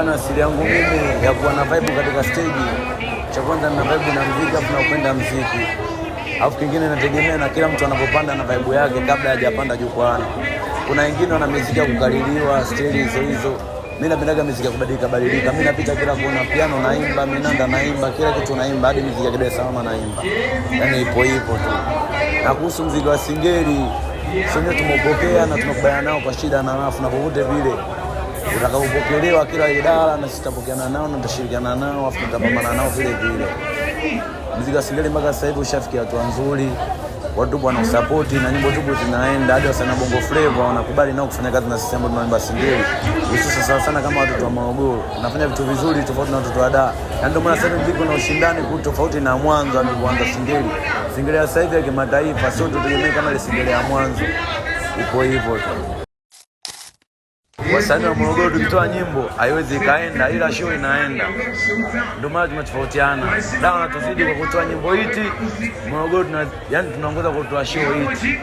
Bana, siri yangu mimi ya kuwa na vibe katika stage, cha kwanza na vibe na mziki afu napenda mziki, afu kingine nategemea na kila mtu anapopanda na vibe yake kabla hajapanda jukwaani. Kuna wengine wana miziki ya kukaririwa stage hizo hizo, mimi napendaga miziki ya kubadilika badilika. Mimi napita kila kona, piano naimba, minanda naimba, kila kitu naimba, hadi miziki ya Dar es naimba, yani ipo ipo tu. Na kuhusu mziki wa Singeli, sote tumeupokea na tunakubaliana nao kwa shida na rafu na vyovyote vile utakapopokelewa kila idara, na sitapokeana nao na tutashirikiana nao afu tutapambana nao vile vile. Muziki wa Singeli mpaka sasa hivi ushafikia watu wazuri, watu tupo wanausapoti na nyimbo tupo zinaenda hadi wasanii Bongo Flava wanakubali nao kufanya kazi na sisi ambao tunaimba Singeli, hususan sana sana kama watoto wa Morogoro tunafanya vitu vizuri tofauti na watoto wa Dar, na ndio maana sasa hivi kuna ushindani kwa tofauti na mwanzo alipoanza Singeli. Singeli ya sasa hivi ya kimataifa sio tutegemee kama ile Singeli ya mwanzo, ipo hivyo tu wasanii wa Morogoro tukitoa nyimbo haiwezi ikaenda, ila show inaenda. Ndio maana tumetofautiana dawa, natuzidi kwa kutoa nyimbo hiti, Morogoro tuna yani tunaongoza kwa kutoa show hiti.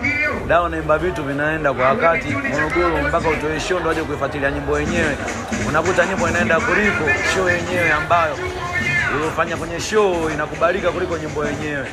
dawa, naimba vitu vinaenda kwa wakati, Morogoro mpaka utoe show ndio waje kuifuatilia nyimbo yenyewe, unakuta nyimbo inaenda kuliko show yenyewe ambayo uliofanya kwenye show inakubalika kuliko nyimbo yenyewe.